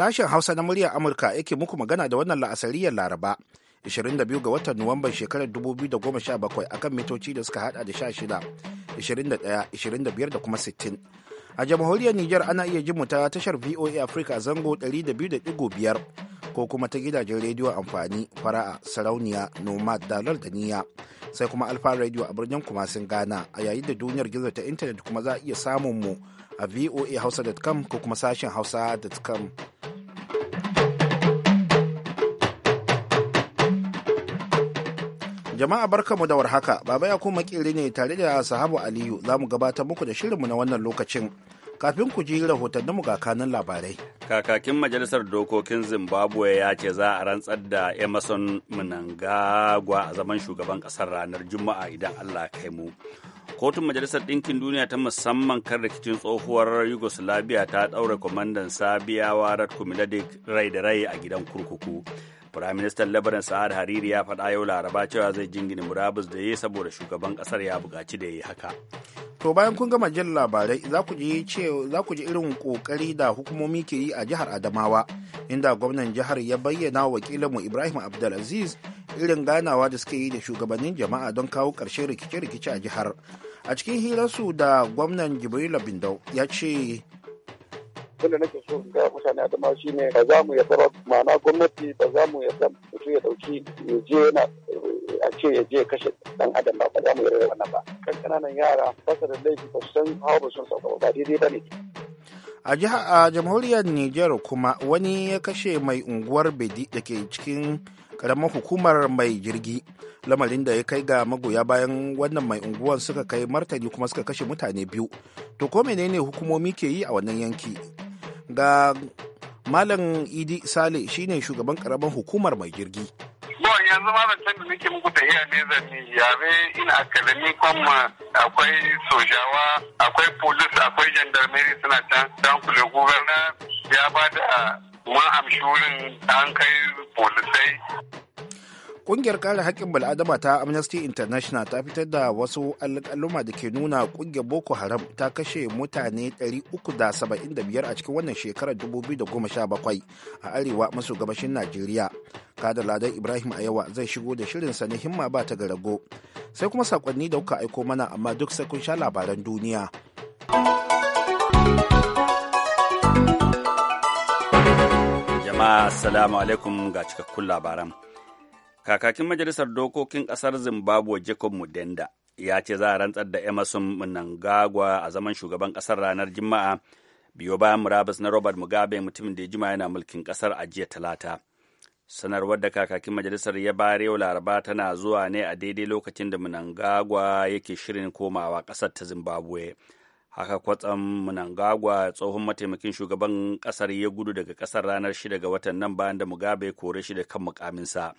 Sashen Hausa na muryar Amurka yake muku magana da wannan la'asariyar Laraba 22 ga watan Nuwamban shekarar 2017 akan mitoci da suka hada da 16, 21, 25 da kuma 60. A jamhuriyar Nijar ana iya jin ta tashar VOA Africa zango 200.5 ko kuma ta gidajen rediyo amfani fara'a sarauniya nomad dalar da niya sai kuma alfa radio a birnin kumasin ghana a yayin da duniyar gizo ta intanet kuma za a iya samun mu a voahausa.com ko kuma sashen hausa.com. Jama'a barkamu da warhaka, Baba ya kuma makere ne tare da sahabu Aliyu za mu gabatar muku da shirinmu na wannan lokacin. Kafin ku ji rahotanninmu ga kanun labarai. Kakakin Majalisar Dokokin Zimbabwe ya ce za a rantsar da Emerson Mnangagwa a zaman shugaban ƙasar ranar Juma'a idan Allah kai mu. kotun majalisar ɗinkin duniya ta musamman kan rikicin tsohuwar yugoslavia ta ɗaura kwamandan sabiyawa ratko miladic rai da rai a gidan kurkuku firaministan lebanon sa'ad hariri ya faɗa yau laraba cewa zai jingina murabus da ya saboda shugaban kasar ya buƙaci da ya yi haka to bayan kun gama jin labarai za ku ji irin kokari da hukumomi ke yi a jihar adamawa inda gwamnan jihar ya bayyana wakilinmu ibrahim abdulaziz irin ganawa da suke yi da shugabannin jama'a don kawo ƙarshen rikice-rikice a jihar a cikin hirarsu da gwamnan jibril bindau ya ce abin da nake so in ga mutane adama shi ne ba za mu yarda ma'ana gwamnati ba za mu yarda mutum ya dauki ya je yana a ce ya je kashe dan adam ba ba za mu yarda wannan ba kan kananan yara ba da laifi ba su san hawa ba sun sauka ba daidai ba ne a a jamhuriyar Nijar kuma wani ya kashe mai unguwar Bedi da ke cikin karamar hukumar mai jirgi lamarin da ya kai ga magoya bayan wannan mai unguwar suka kai martani kuma suka kashe mutane biyu to ko menene hukumomi ke yi a wannan yanki ga malam idi sale shine shugaban karamar hukumar mai jirgi. yanzu ma zancen da nake muku da iya ne zan yare ina akademi kuma akwai sojawa akwai polis akwai jandarmeri suna can dan kule gubernar ya ba da mun amshi wurin an kai polisai Ƙungiyar kare haƙƙin bal'adama ta Amnesty International ta fitar da wasu alƙaluma da ke nuna ƙungiyar Boko Haram ta kashe mutane 375 a cikin wannan shekarar 2017 a arewa maso gabashin Najeriya. Kada Ladan Ibrahim Ayawa zai shigo da shirinsa na himma ba ta garago. Sai kuma saƙonni da kuka aiko mana amma duk sai kun sha labaran duniya. Jama'a, Assalamu alaikum ga cikakkun labaran. Kakakin Majalisar Dokokin Ƙasar Zimbabwe Jacob Mudenda ya ce za a rantsar da Emerson Mnangagwa a zaman shugaban ƙasar ranar Juma'a biyo bayan murabus na Robert Mugabe mutumin da ya jima yana mulkin ƙasar a jiya Talata. Sanarwar da kakakin majalisar ya bayar yau Laraba tana zuwa ne a daidai lokacin da Mnangagwa yake shirin komawa ƙasar ta Zimbabwe. haka kwatsam Mnangagwa tsohon mataimakin shugaban ƙasar ya gudu daga ƙasar ranar shida ga watan nan bayan da Mugabe kore shi da kan mukaminsa.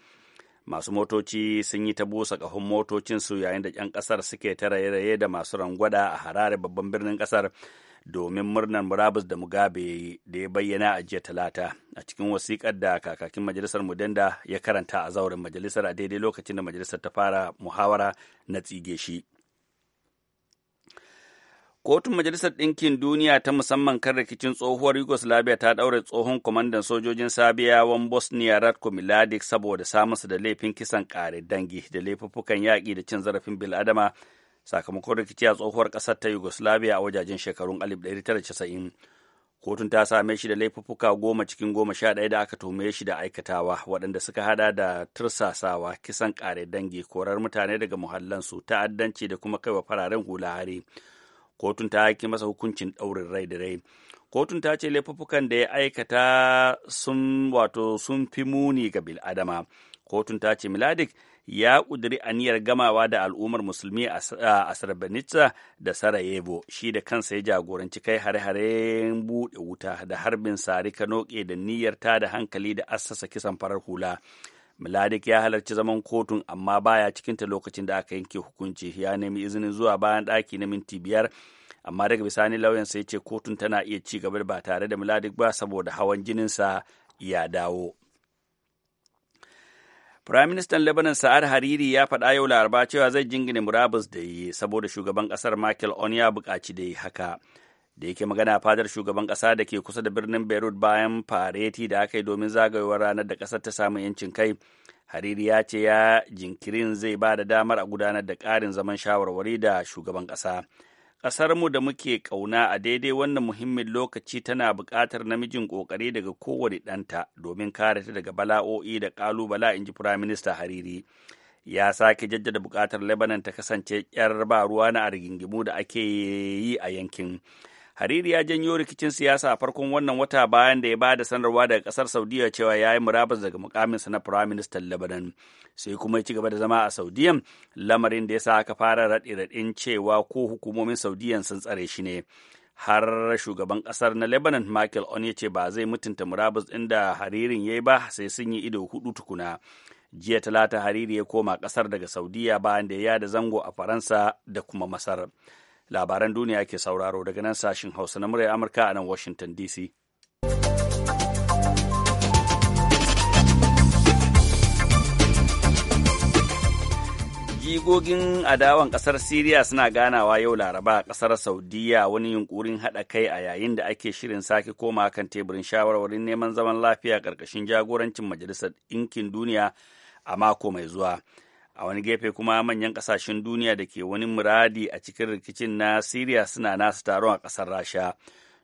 masu motoci sun yi ta busa ƙahon motocinsu yayin da 'yan ƙasar suke ta raye-raye da masu rangwada a harare babban birnin ƙasar domin murnar murabus da mugabe da ya bayyana a jiya talata a cikin wasiƙar da kakakin majalisar mudanda ya karanta a zauren majalisar a daidai lokacin da majalisar ta fara muhawara na tsige shi Kotun Majalisar Ɗinkin Duniya ta musamman kan rikicin tsohuwar Yugoslavia ta ɗaure tsohon kwamandan sojojin Sabiyawan Bosnia Ratko Mladic saboda su da laifin kisan ƙare dangi da laifuffukan yaƙi da cin zarafin bil'adama sakamakon rikici a tsohuwar ƙasar ta Yugoslavia a wajajen shekarun 1990. Kotun ta same shi da laifuffuka goma cikin goma sha ɗaya da aka tuhume shi da aikatawa waɗanda suka hada da tursasawa, kisan ƙare dangi, korar mutane daga muhallansu, ta'addanci da kuma kaiwa fararen hula hari. kotun ta haƙi masa hukuncin ɗaurin rai da rai kotun ta ce laifuffukan da ya aikata sun wato sun fi muni ga bil'adama kotun ta ce miladik ya ƙudiri aniyar gamawa da al'ummar musulmi a sarbanitsa da Sarajevo shi da kansa ya jagoranci kai hare-haren buɗe wuta da harbin sari ka da niyyar ta da hankali da assasa kisan farar hula Muladik ya halarci zaman kotun amma baya cikinta lokacin da aka yanke hukunci ya nemi izinin zuwa bayan ɗaki na minti biyar amma daga bisani lauyan sai ce kotun tana iya ci gaba ba tare da Muladik ba saboda hawan jininsa ya dawo. Firaministan Lebanon Sa'ad Hariri ya faɗa yau laraba cewa zai jingine murabus da yi saboda shugaban ƙasar Michael On ya buƙaci da yi haka. da yake magana fadar shugaban ƙasa da ke kusa da birnin beirut bayan fareti da aka yi domin zagayowar ranar da ƙasar ta samu 'yancin kai hariri ya ce ya jinkirin zai ba da damar a gudanar da karin zaman shawarwari da shugaban ƙasa ƙasarmu da muke ƙauna a daidai wannan muhimmin lokaci tana buƙatar namijin ƙoƙari daga kowane ɗanta domin kare ta daga bala'o'i da ƙalubala in ji firaminista hariri ya sake jaddada buƙatar lebanon ta kasance 'yar ba ruwa na a rigingimu da ake yi a yankin Hariri ya janyo rikicin siyasa a farkon wannan wata bayan da ya ba da sanarwa daga kasar Saudiya cewa ya yi murabas daga mukaminsa na Firaministan Minister Lebanon. Sai kuma ya ci gaba da zama a Saudiyan lamarin da ya sa aka fara raɗe-raɗin cewa ko hukumomin Saudiyan sun tsare shi ne. Har shugaban kasar na Lebanon Michael On ya ce ba zai mutunta murabus ɗin da haririn ya yi ba sai sun yi ido hudu tukuna. Jiya talata hariri ya koma kasar daga Saudiya bayan da ya yada zango a Faransa da kuma Masar. labaran duniya ke sauraro daga nan sashin hausa na murya amurka a nan washington dc jigogin adawan kasar siriya suna ganawa yau laraba a kasar saudiya wani yunkurin haɗa kai a yayin da ake shirin sake koma kan teburin shawarwarin neman zaman lafiya ƙarƙashin jagorancin majalisar ɗinkin duniya a mako mai zuwa a wani gefe kuma manyan kasashen duniya da ke wani muradi a cikin rikicin na siriya suna nasu taron a ƙasar rasha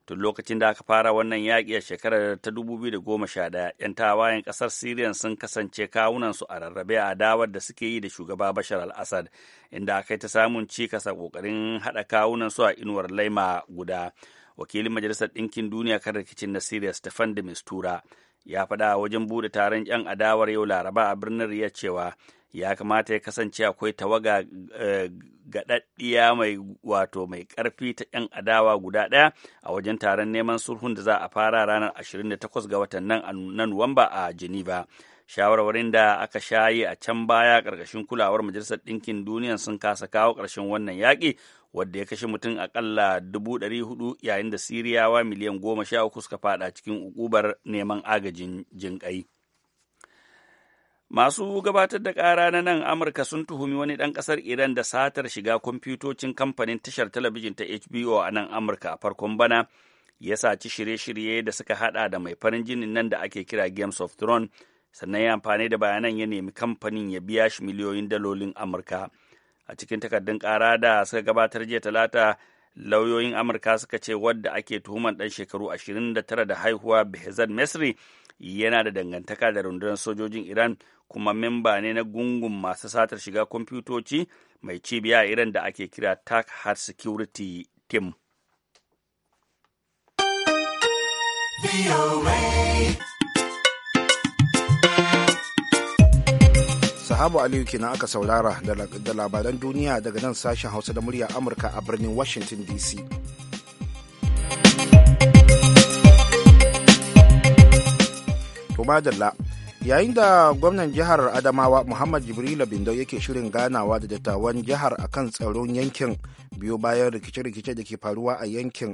tun lokacin da aka fara wannan yaƙi a shekarar ta 2011 'yan tawayen ƙasar siriyan sun kasance kawunansu a rarrabe a dawar da suke yi da shugaba bashar al-assad inda aka ta samun cikas a ƙoƙarin haɗa kawunansu a inuwar laima guda wakilin majalisar ɗinkin duniya kan rikicin na siriya stefan de mistura ya faɗa a wajen buɗe taron 'yan adawar yau laraba a birnin riyadh cewa ya kamata ya kasance akwai tawaga eh, gaɗaɗɗiya mai wato mai ƙarfi ta 'yan adawa guda ɗaya a wajen taron neman sulhun da za a fara ranar 28 ga watan nan na Nuwamba a Geneva. Shawarwarin da aka shaye a can baya ƙarƙashin kulawar Majalisar Ɗinkin Duniya sun kasa kawo ƙarshen wannan yaƙi wadda ya kashe mutum akalla dubu ɗari hudu yayin da siriyawa miliyan goma sha uku suka fada cikin ukubar neman agajin jinƙai. Masu gabatar da ƙara na nan Amurka sun tuhumi wani ɗan ƙasar Iran da satar shiga kwamfutocin kamfanin tashar talabijin ta HBO a nan Amurka a farkon bana ya saci shirye-shirye da suka hada da mai farin jinin nan da ake kira Games of Thrones sannan ya amfani da bayanan ya nemi kamfanin ya biya shi miliyoyin dalolin Amurka. a cikin takardun ƙara da suka gabatar jiya talata lauyoyin amurka suka ce wadda ake tuhuman ɗan shekaru 29 da haihuwa behzad mesri yana da dangantaka da rundunar sojojin iran kuma memba ne na gungun masu satar shiga kwamfutoci mai cibiya iran da ake kira tak hard security team. sahabu aliyu kenan aka saurara da labaran duniya daga nan sashen hausa da murya amurka a birnin washington dc to madalla yayin da gwamnan jihar adamawa muhammad jibrila bindau yake shirin ganawa da dattawan jihar akan tsaron yankin biyu bayan rikice-rikice da ke faruwa a yankin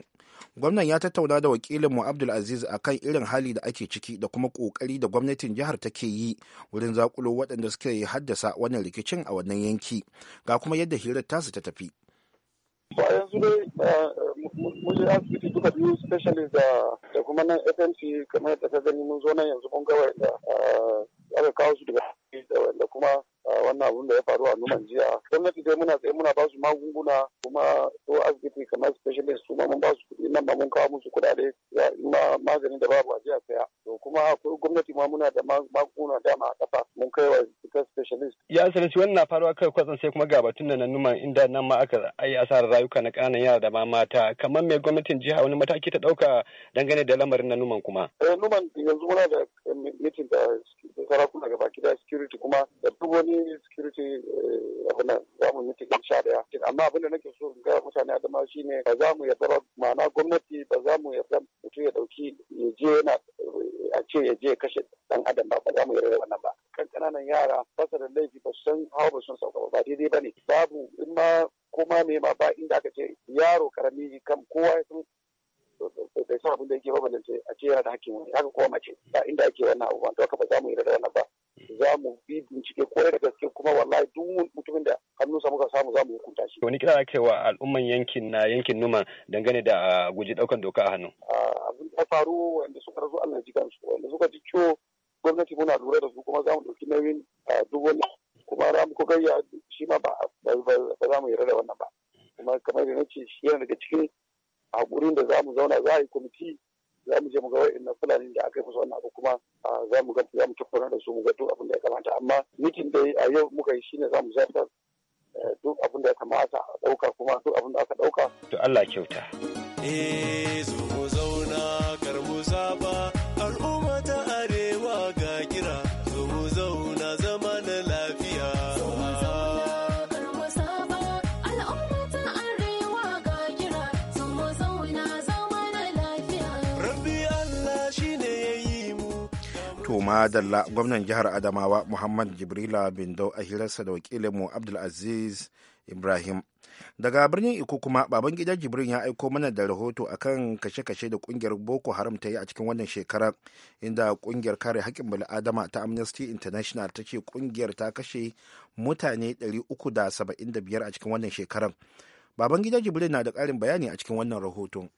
gwamnan ya tattauna da wakilinmu abdulaziz a kan irin hali da ake ciki da kuma kokari da gwamnatin jihar take yi wurin zakulo waɗanda suke haddasa wannan rikicin a wannan yanki ga kuma yadda hirar tasu ta tafi ba yanzu dai eh, asibiti duka biyu specialist da kuma nan fmc kamar da ka gani mun zo nan yanzu mun ga da eh, aka kawo su daga ciki da wanda kuma wannan abun da ya faru a numan jiya gwamnati dai muna tsaye muna ba magunguna kuma to asibiti kamar specialist su ma mun ba su kuɗi nan ba mun kawo musu kuɗaɗe ma maganin da babu a jiya saya to kuma akwai gwamnati ma muna da magunguna dama a kafa mun kai wa ita specialist ya asibiti wannan na faruwa kai kwatsan sai kuma gabatun da na numan inda nan ma aka yi asarar rayuka na ƙananan yara da ma mata kamar mai gwamnatin jiha wani mataki ta ɗauka dangane da lamarin na numan kuma. Eh, numan yanzu muna da eh, mitin da sarakuna gaba gida security security kuma da duk wani security eh, abin nan za mu yi cikin sha daya amma abin da nake so in ga mutane adama ne ba za mu yarda ba ma'ana gwamnati ba za mu yarda mutum ya dauki ya je yana a ce ya je kashe dan adam ba ba za mu yarda da wannan ba kan kananan yara fasa da laifi ba su san hawa ba sun san sauka ba daidai ba ne babu in ma ko ma me ma ba inda aka ce yaro karami kan kowa ya san da sa abin da yake ba ce a ce yana da hakkin wani haka kowa mace ba inda ake wannan abubuwan to haka ba za mu yi da wannan ba za mu bi bincike ko da gaske kuma wallahi duk mutumin da sa muka samu za mu hukunta shi. Wani kira ake wa al'umman yankin na yankin Numa dangane da guji ɗaukan doka a hannu. Abin da faru wanda suka rasu Allah ji kansu wanda suka ji ciwo gwamnati muna lura da su kuma za mu ɗauki nauyin duk wani kuma ramu ko gayya shi ma ba za mu yarda da wannan ba. Kuma kamar da na shi yana daga cikin hakurin da za mu zauna za a yi kwamiti za mu je mu ga na fulani da aka yi musu wannan abu kuma za mu ga za mu da su mu ga duk abin da ya kamata amma mitin da a yau muka yi shi ne za mu zartar eh, duk abin da ya kamata a ɗauka kuma duk abin da aka ɗauka. To Allah kyauta. Eh, dalla gwamnan jihar adamawa muhammad jibrila bindo a hirarsa da wakilinmu abdulaziz ibrahim daga birnin iko kuma baban gidan jibrin ya aiko mana da rahoto akan kashe-kashe da kungiyar boko haram ta yi a cikin wannan shekarar inda kungiyar kare haƙƙin bil'adama ta amnesty international ta ce kungiyar ta kashe mutane 375 a cikin wannan shekarar baban gidan jibrin na da ƙarin bayani a cikin wannan rahoton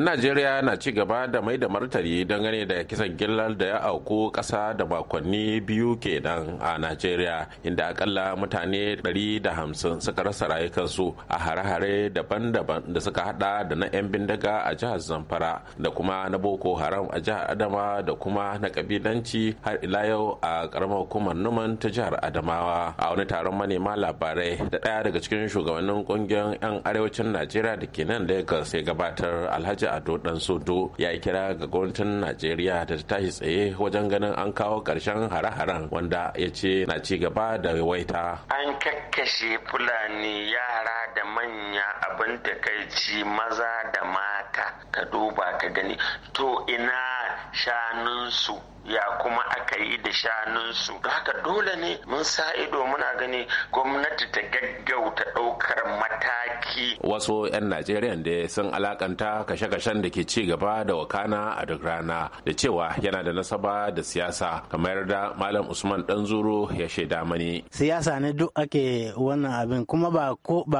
najeriya na ci gaba da mai da martani dangane da kisan gillar da ya auku ƙasa da makonni biyu kenan a najeriya inda akalla mutane 150 suka rasa rayukansu a hare-hare daban-daban da suka hada da na 'yan bindiga a jihar zamfara da kuma na boko haram a jihar adama da kuma na kabilanci har ila yau a karamar hukumar numan ta jihar adamawa a wani taron manema labarai da ɗaya daga cikin shugabannin kungiyar 'yan arewacin najeriya da ke nan lagos ya gabatar alhaji ado dan sodo ya yi kira ga gwamnatin najeriya da ta tashi tsaye wajen ganin an kawo karshen hare-haren wanda ya ce na ci gaba da yawaita an kakkashe fulani yara da manya abin da kai ci maza da mata ka duba ka gani to ina shanunsu ya kuma aka yi da shanunsu haka dole ne mun sa ido muna gani gwamnati ta gaggauta ɗaukar mataki wasu 'yan najeriya da sun alakanta kashe-kashen da ke ci gaba da wakana a duk rana da cewa yana da nasaba da siyasa kamar da malam usman ɗanzuru ya shaida mani siyasa ne duk ake wannan abin kuma ba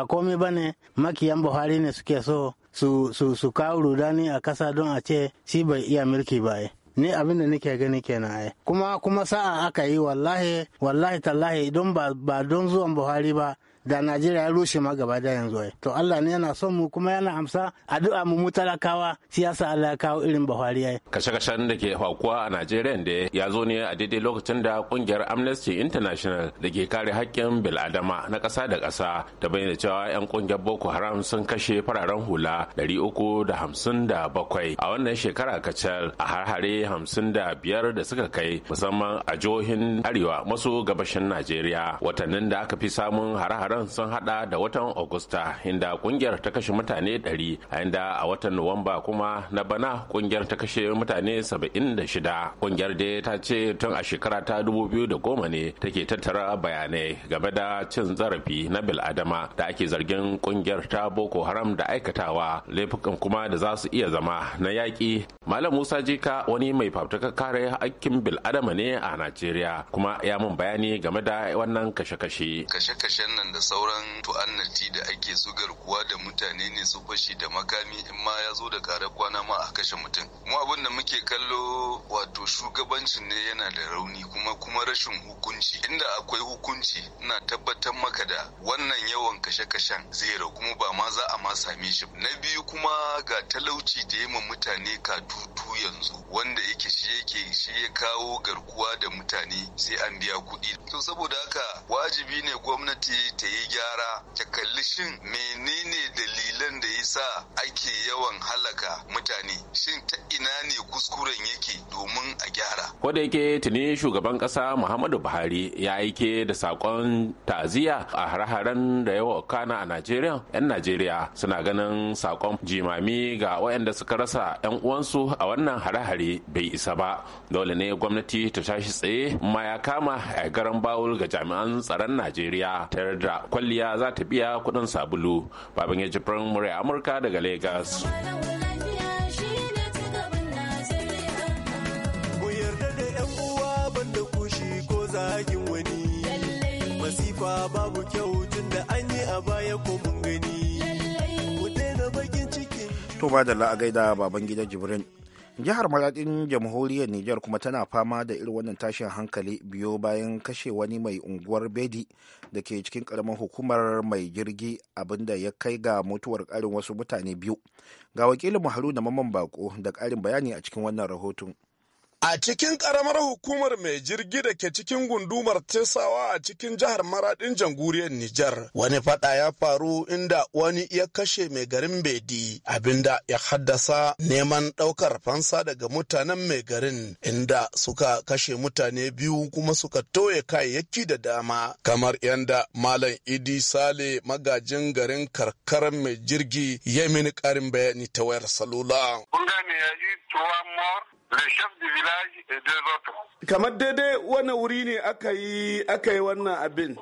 komai ba ne makiyan buhari ne suke so su kawo rudani a kasa don a ce shi bai iya mulki ba ni abin da nake gani kenan ai kuma kuma sa'a aka yi wallahi wallahi tallahi don ba don zuwan buhari ba da najeriya ya rushe ma gaba da yanzu to allah ne yana son mu kuma yana amsa addu'a mu mutalakawa talakawa siyasa allah ya kawo irin buhari ai kashe-kashen da ke haukuwa a najeriya da ya zo ne a daidai lokacin da kungiyar amnesty international da ke kare haƙƙin bil'adama na ƙasa da ƙasa ta bayyana cewa 'yan kungiyar boko haram sun kashe fararen hula 357 a wannan shekara kacal a harhare 55 da suka kai musamman a jihohin arewa maso gabashin najeriya watannin da aka fi samun hare-haren maharan sun hada da watan Agusta inda kungiyar ta kashe mutane 100 a inda a watan Nuwamba kuma na bana kungiyar ta kashe mutane 76. Kungiyar dai ta ce tun a shekara ta 2010 ne take tattara bayanai game da cin zarafi na bil'adama da ake zargin kungiyar ta Boko Haram da aikatawa laifukan kuma da za su iya zama na yaki, Malam Musa Jika wani mai fafutukar kare hakkin bil'adama ne a Najeriya kuma ya mun bayani game da wannan kashe-kashe. Kashe-kashen nan da sauran tu'annati da ake su garkuwa da mutane ne su fashi da makami in ma ya zo da kare kwana ma a kashe mutum mu abin da muke kallo wato shugabancin ne yana da rauni kuma kuma rashin hukunci inda akwai hukunci na tabbatar maka da wannan yawan kashe-kashen zai ragu kuma ba ma za a ma same shi na biyu kuma ga talauci da yamma mutane ka tutu yanzu wanda yake shi yake shi ya kawo garkuwa da mutane sai an biya kuɗi to saboda haka wajibi ne gwamnati ta yi gyara ta kalli shin menene dalilan da ya sa ake yawan halaka mutane shin ta ina ne kuskuren yake domin a gyara. Wanda yake tuni shugaban kasa Muhammadu Buhari ya aike da sakon ta'aziyya a har haren da yawa kana a Najeriya. 'Yan Najeriya suna ganin sakon jimami ga waɗanda suka rasa 'yan uwansu a wannan hare bai isa ba. Dole ne gwamnati ta tashi tsaye ma ya kama a garan bawul ga jami'an tsaron Najeriya tare da kwalliya za ta biya kuɗin sabulu baban ya jibrin murya amurka daga lagos masifa babu kyau da an yi a baya ko mun gani to ba da la'agaida baban gidan jibrin jihar Maraɗin jamhuriyar niger kuma tana fama da irin wannan tashin hankali biyo bayan kashe wani mai unguwar bedi da ke cikin karamar hukumar mai jirgi abinda ya kai ga mutuwar ƙarin wasu mutane biyu ga wakilin haruna mamman bako da ƙarin bayani a cikin wannan rahoton A cikin ƙaramar hukumar mai jirgi da ke cikin gundumar Tesawa a cikin jihar maraɗin janguriyar Nijar, wani fada ya faru inda wani ya kashe mai garin Bedi, abinda ya haddasa neman ɗaukar fansa daga mutanen mai garin, inda suka kashe mutane biyu kuma suka toye kayayyaki da dama, kamar yadda Malam Idi Sale magajin garin karkar mai jirgi ya mini ƙarin bayani ta wayar salula. Le Kamar daidai wani wuri ne aka yi aka yi wannan abin?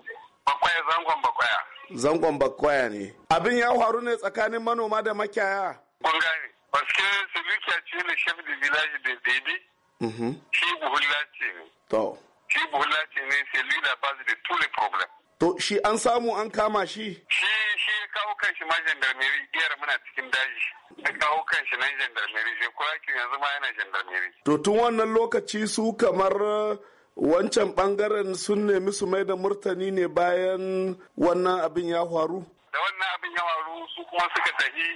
Bakwaya zangon bakwaya. Zangon bakwaya ne. Abin ya faru ne tsakanin manoma da makiyaya? Kun gane. Paske Silika ce le chef du village de Dede. Mhm. Shi buhulla ce ne. To. Shi buhulla ce ne, c'est lui la base de tous les problèmes. To shi an samu an kama shi? Shi shi kawo kan shi ma jandarmeri iyar muna cikin daji. Da kawo kan shi nan jandarmeri shi kurakin yanzu ma yana jandarmeri. To tun wannan lokaci su kamar uh, wancan bangaren sun nemi su mai da murtani ne bayan wannan abin ya faru? Da wannan abin ya faru su kuma suka tafi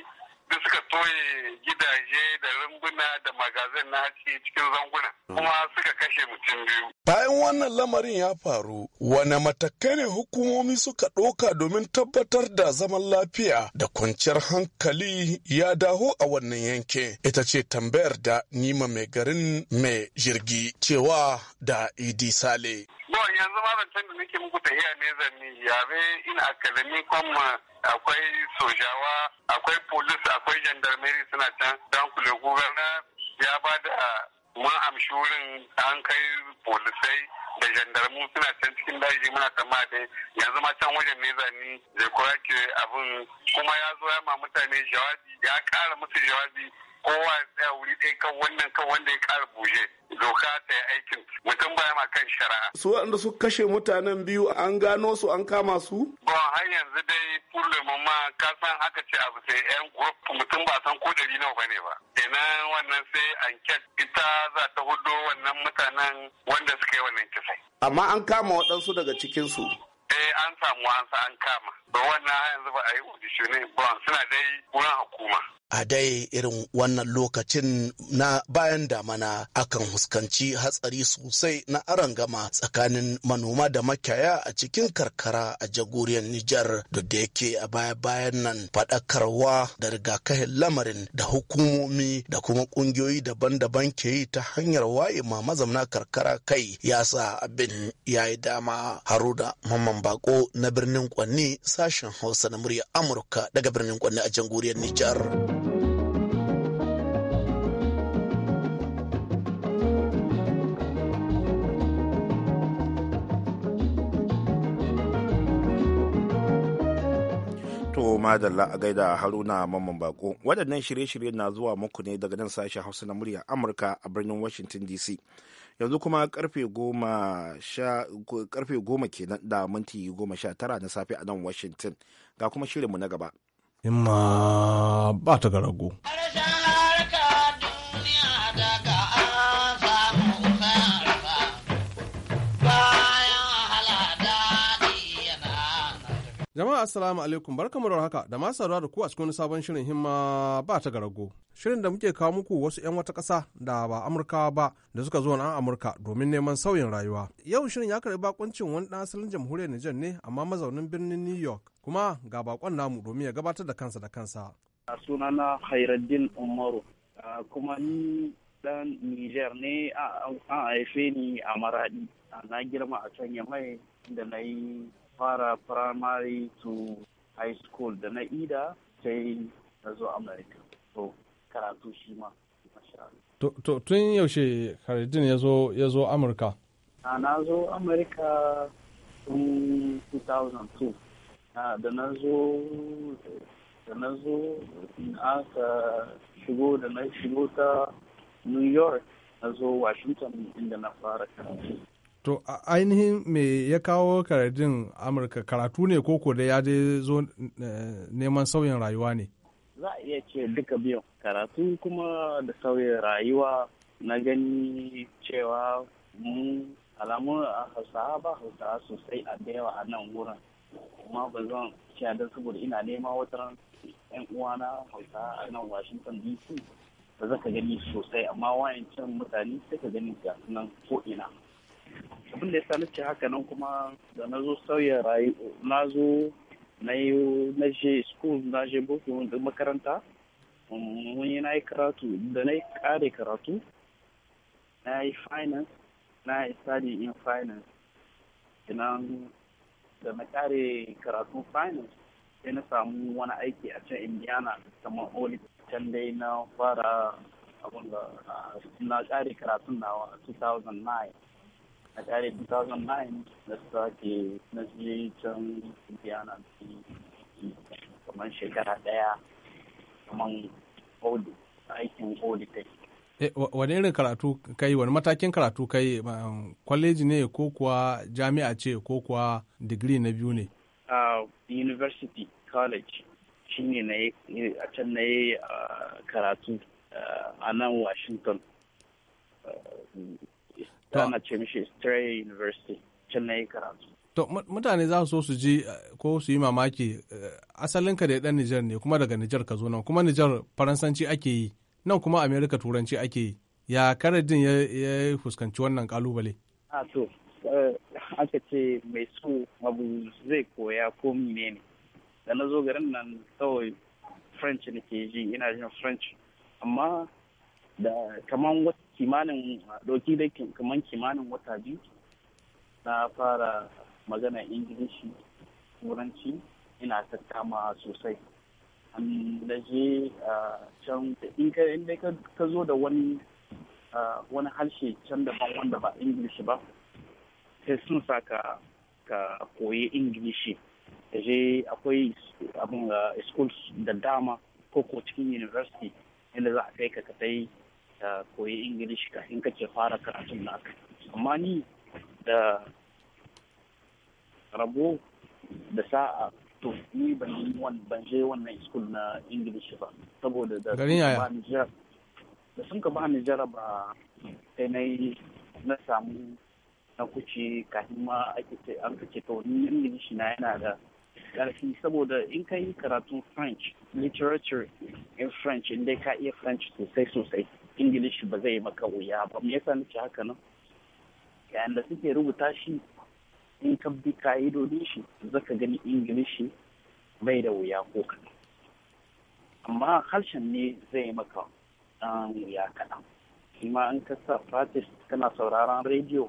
da suka toye gidaje da rumbuna da magazin na cikin zanguna hmm. kuma suka kashe mutum biyu. Bayan wannan lamarin ya faru, wane matakai ne hukumomi suka ɗoka domin tabbatar da zaman lafiya da kwanciyar hankali ya daho a wannan yanke. Ita ce tambayar da nima mai garin mai jirgi cewa da Idi Sale. yawan yanzu ma zancen da nake muku tahiya ne ni, yabe ina academy kuma akwai sojawa akwai police akwai gendarmerie suna can dan kule governor ya ba da mun amshi wurin an kai polisai da jandarmu suna can cikin daji muna sama da yanzu ma can wajen ne ni, da koya ke abin kuma ya zo ya ma mutane jawabi ya kara musu jawabi kowa ya tsaya wuri ɗaya kan wannan kan wanda ya ƙara bushe doka ta yi aikin mutum baya ma kan shari'a. su waɗanda su kashe mutanen biyu an gano su an kama su. ba har yanzu dai furlemin ma ka san haka ce abu sai yan mutum ba san ko ɗari nawa ba ne ba. kenan wannan sai anket ita za ta hudo wannan mutanen wanda suka yi wannan kisa amma an kama waɗansu daga cikinsu. eh an samu an sa an kama ba wannan yanzu ba a yi ne ba suna dai wurin hukuma a dai irin wannan lokacin na bayan damana akan huskanci hatsari sosai na arangama tsakanin manoma da makiyaya a cikin karkara a jagoriyar Nijar duk da yake a baya-bayan nan faɗakarwa da rigakafin lamarin da hukumomi da kuma ƙungiyoyi daban-daban ke yi ta hanyar waye ma mazauna karkara kai ya sa abin ya yi dama haruna mamman bako na birnin kwanni sashen hausa na murya amurka daga birnin kwanni a jamhuriyar nijar. kuma madalla a gaida haruna mamman bako waɗannan shirye-shirye na zuwa muku ne daga nan sashen hausa na murya amurka a birnin washington dc yanzu kuma karfe goma kenan da minti goma sha tara na safe a nan washington ga kuma shirinmu na gaba ma ba ta garago. Jama'a assalamu alaikum barkamu da haka da ma masu da ku a cikin sabon shirin himma ba ta garago. Shirin da muke kawo muku wasu 'yan wata kasa da ba amurka ba da suka zo na Amurka domin neman sauyin rayuwa. Yau shirin ya karɓi bakuncin wani dan asalin jamhuriyar Nijar ne amma mazaunin birnin New York kuma ga bakon namu domin ya gabatar da kansa da kansa. Sunana Khairuddin Umaru kuma ni ɗan Nijar ne an haife ni a Maradi na girma a can mai da na yi fara primary to high school da na ida sai na zo america to karatu shi ma to tun yaushe karatun ya zo amurka na zo amurka tun 2002 da na zo da na zo aka shigo da na shigo ta new york na zo washington inda na fara karatu to ainihin me ya kawo karadin amurka karatu ne ko da ya je zo eh, neman sauyin rayuwa ne za a iya ce duka biyu karatu kuma da sauyin rayuwa na gani cewa mu alamun hausawa ba hausa sosai a da a nan wurin kuma ba zan ce da saboda ina nema wata yan uwana hausawa a nan washington dc ba za ka gani sosai amma wayancan mutane sai ka gani ga nan ko ina abin da ya sa nace haka nan kuma da na zo sauya rayu na zo na yi na je school na je boko makaranta mun yi na yi karatu da na yi kare karatu na yi finance na yi study in finance ina da na kare karatu finance sai na samu wani aiki a can indiana kamar holy can dai na fara abin da na kare karatun nawa 2009 a kare 2009 na sake na je can indiana kamar shekara daya kamar audit aikin audit eh, wani irin karatu kai wani matakin karatu kai kwaleji ne ko kuwa jami'a ce ko kuwa digiri na biyu ne university college shi ne a can na yi karatu a nan washington to ana Stray University can na karatu to mutane za su so su ji eh, ko su yi mamaki eh, asalin ka da dan Nijar ne kuma daga Nijar ka zo nan kuma Nijar faransanci ake yi nan kuma Amerika turanci ake yi ya karadin ya fuskanci wannan kalubale a to eh, aka ce mai so abu zai koya ko mene ne da na zo garin nan kawai french nake ji ina jin french amma da kaman wata kimanin doki da kamar kimanin wata biyu na fara magana ingilishi turanci ina ta kama sosai daje a can dai ka zo da wani wani harshe can daban wanda ba ingilishi ba sai sun sa ka ka koyi ingilishi da je akwai abin schools da dama ko ko cikin university inda za a kai ka ka ka koyi ingilishi kafin kake fara karatun naka amma ni da rabo da sa'a to ni ban yi ban je wannan school na ingilishi ba saboda da da sun ka ba ni jaraba sai na yi na samu na kuce kafin ma ake ce an kace to ni ingilishi na yana da ƙarfi saboda in ka yi karatun french literature in french in dai ka iya french sosai sosai ingilishi ba zai maka wuya ba me yasa nace haka nan yayin da suke rubuta shi in ka bi ka'idodin shi zaka gani ingilishi bai da wuya ko kaɗan amma harshen ne zai maka um, wuya kaɗan ma an ka sa practice kana sauraron rediyo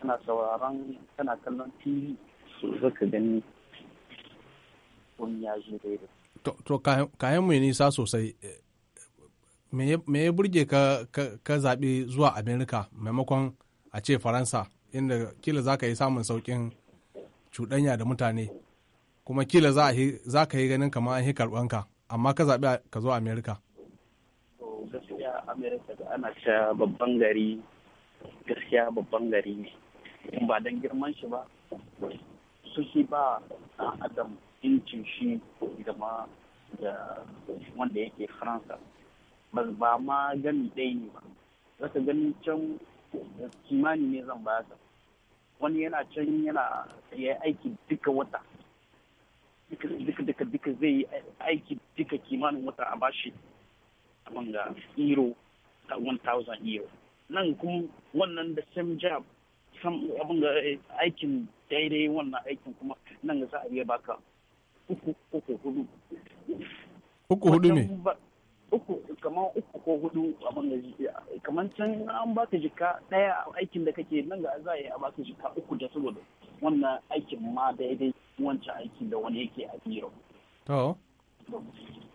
kana sauraron kana kallon tv su zaka gani wani ya da to kayan mai nisa sosai eh, me ya burge ka, ka, zaɓi zuwa amerika maimakon a ce faransa inda kila za ka yi samun sauƙin cuɗanya da mutane kuma kila za ka yi ganin kamar an yi karɓanka amma ka zaɓi ka zo amerika gaskiya amerika ana ta babban gari gaskiya babban ba don girman shi ba su shi ba adam incin shi da wanda yake faransa ba ma gami ɗaya ne ba zaka gani can kimani ne zan ba ta wani yana can yana ya aiki duka wata duka duka duka zai yi aiki duka kimanin wata a bashi a manga euro 1000 euro nan kuma wannan da same job sam abin ga eh, aikin daidai wannan aikin kuma nan ga za a iya baka uku uku hudu uku hudu ne uku kamar uku ko hudu a bangare kamar can an baka jika daya aikin da kake nan ga za a yi a baka jika uku da saboda wannan aikin ma daidai wancan aikin da wani yake a biro. To.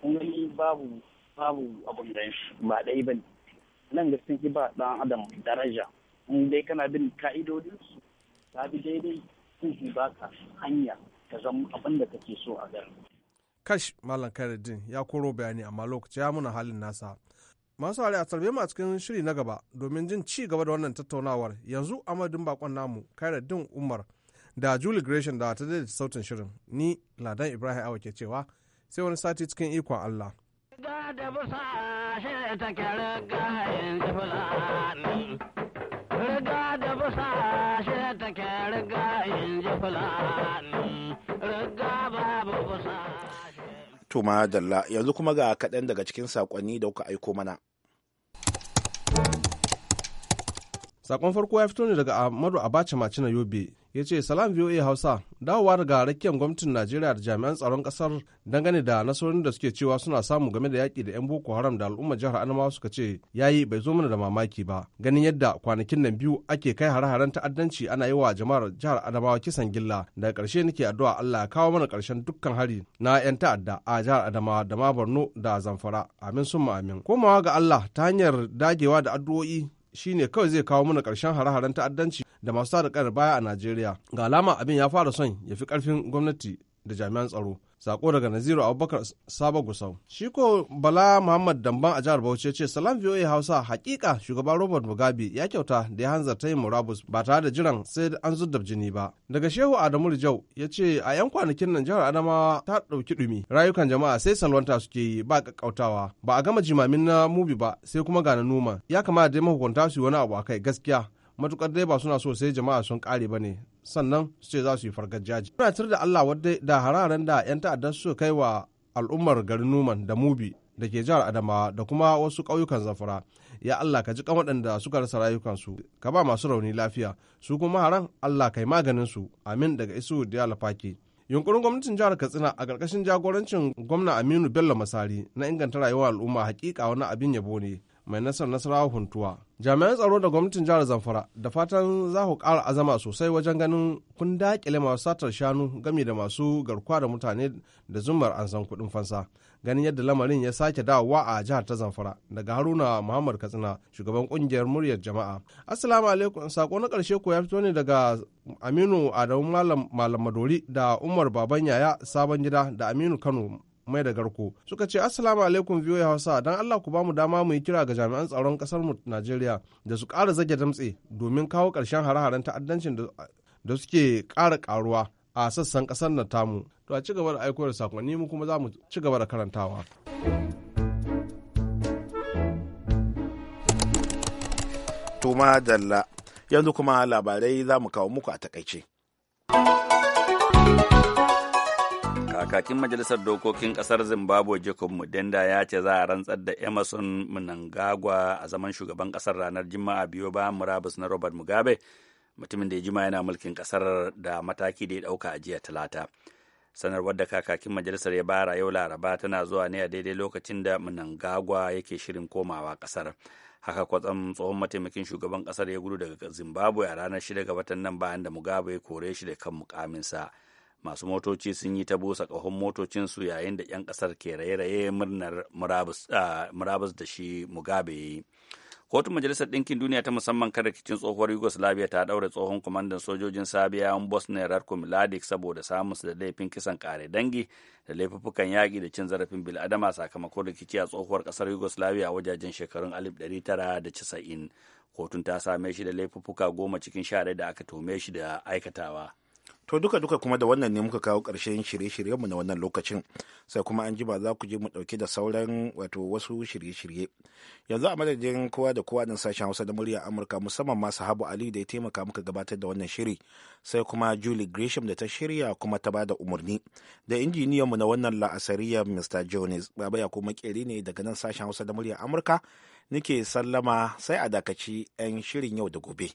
Wani babu babu abin da ba ɗaya ba ne. Nan ga sun ba ɗan adam daraja. In dai kana bin ka'idodin su ta bi daidai sun ba ka hanya ka zama abin da kake so a garin. kash malam kairuddin ya koro bayani amma lokaci ya muna halin nasa masu hari a tarbe a cikin shiri na gaba domin jin ci gaba da wannan tattaunawar yanzu amadin bakon namu kairuddin umar da julie gresham da ta daidaita sautin shirin ni ladan ibrahim awa ke cewa sai wani sati cikin ikon allah da busa shi ta kyar ga in riga fulani To Dalla yanzu kuma ga kaɗan daga cikin saƙonni da kuka aiko mana. Saƙon farko ya fito ne daga Ahmadu Abacha Macina Yobe ya ce salam voa hausa dawowa daga rakiyar gwamnatin najeriya da jami'an tsaron kasar dangane da nasarorin da suke cewa suna samu game da yaƙi da 'yan boko haram da al'ummar jihar adamawa suka ce yayi bai zo mana da mamaki ba ganin yadda kwanakin nan biyu ake kai hare-haren ta'addanci ana yi wa jama'ar jihar adamawa kisan gilla daga ƙarshe nake addu'a allah ya kawo mana ƙarshen dukkan hari na 'yan ta'adda a jihar adamawa da ma borno da zamfara amin summa amin komawa ga allah ta hanyar dagewa da addu'o'i shi ne kawai zai kawo mana ƙarshen hare-haren ta'addanci da masu karar baya a Najeriya. Ga alama abin ya fara son ya fi ƙarfin gwamnati da jami'an tsaro sako daga naziru abubakar saba gusau shi ko bala muhammad damban a jihar bauchi ce salam voa hausa hakika shugaban robert mugabe ya kyauta da ya hanzarta yin murabus ba tare da jiran sai an zudda jini ba daga shehu adamu rijau ya ce a yan kwanakin nan jihar adamawa ta ɗauki ɗumi rayukan jama'a sai salwanta suke yi ba kakkautawa ba a gama jimamin na mubi ba sai kuma ga na numa ya kamata dai mahukunta su yi wani abu a kai gaskiya matukar dai ba suna so sai jama'a sun kare ba ne sannan su ce za su yi fargajaji. Tunatar da Allah wadda da hararen da 'yan ta'addar su kai wa al'ummar garin Numan da Mubi da ke jihar Adamawa da kuma wasu ƙauyukan zafura Ya Allah ka ji kan da suka rasa rayukansu, ka ba masu rauni lafiya, su kuma haran Allah kai maganin su. Amin daga Isu da Lafaki. Yunkurin gwamnatin jihar Katsina a ƙarƙashin jagorancin gwamna Aminu Bello Masari na inganta rayuwar al'umma hakika wani abin yabo ne. mai nasar nasarawa huntuwa jami'an tsaro da gwamnatin jihar zamfara da fatan za ku ƙara azama sosai wajen ganin kun daƙile masu satar shanu gami da masu garkuwa da mutane da zumar an san kuɗin fansa ganin yadda lamarin ya sake dawowa a jihar ta zamfara daga haruna muhammad katsina shugaban ƙungiyar muryar jama'a assalamu alaikum sako na karshe ko ya fito ne daga aminu adamu malam madori da umar baban yaya sabon gida da aminu kano mai da garko suka ce assalamu alaikum viyoyi hausa don allah ku bamu dama mu yi kira ga jami'an tsaron kasar mu najeriya da su ƙara zage damtse domin kawo karshen hare-haren ta'addancin da suke kara karuwa a sassan kasar na tamu to a ci gaba da aiko sakonni mu kuma za mu ci gaba da karantawa. Tuma Dalla yanzu kuma labarai za mu kawo muku a takaice. kakin majalisar dokokin kasar zimbabwe jacob mudenda ya ce za a rantsar da emerson mnangagwa a zaman shugaban kasar ranar juma'a biyu ba murabus na robert mugabe mutumin da ya jima yana mulkin kasar da mataki da ya dauka a jiya talata sanarwar da kakakin majalisar ya bara yau laraba tana zuwa ne a daidai lokacin da mnangagwa yake shirin komawa kasar haka kwatsam tsohon mataimakin shugaban kasar ya gudu daga zimbabwe a ranar shida ga watan nan bayan da mugabe ya kore shi da kan mukaminsa. sa masu motoci sun yi ta busa ƙahon motocinsu yayin da 'yan ƙasar ke raye-raye murnar murabus da shi mugabe ya yi kotun majalisar ɗinkin duniya ta musamman kan rikicin tsohuwar yugoslavia ta ɗaure tsohon kwamandan sojojin sabiya bosnia ratko miladic saboda samun su da laifin kisan kare dangi da laifuffukan yaƙi da cin zarafin bil'adama sakamakon rikici a tsohuwar ƙasar yugoslavia wajajen shekarun 1990 kotun ta same shi da laifuffuka goma cikin sha da aka tome shi da aikatawa To duka duka kuma da wannan ne muka kawo ƙarshen shirye-shiryenmu na wannan lokacin sai kuma an ji ba za ku je mu ɗauke da sauran wato wasu shirye-shirye. Yanzu a madadin kowa da kowa nan sashen Hausa da muryar Amurka musamman ma Sahabu Ali da ya taimaka muka gabatar da wannan shiri sai kuma Julie Gresham da ta shirya kuma ta bada umarni da injiniyanmu na wannan la'asariya Mr. Jones Baba ya kuma makeri ne daga nan sashen Hausa da muryar Amurka nike sallama sai a dakaci 'yan shirin yau da gobe.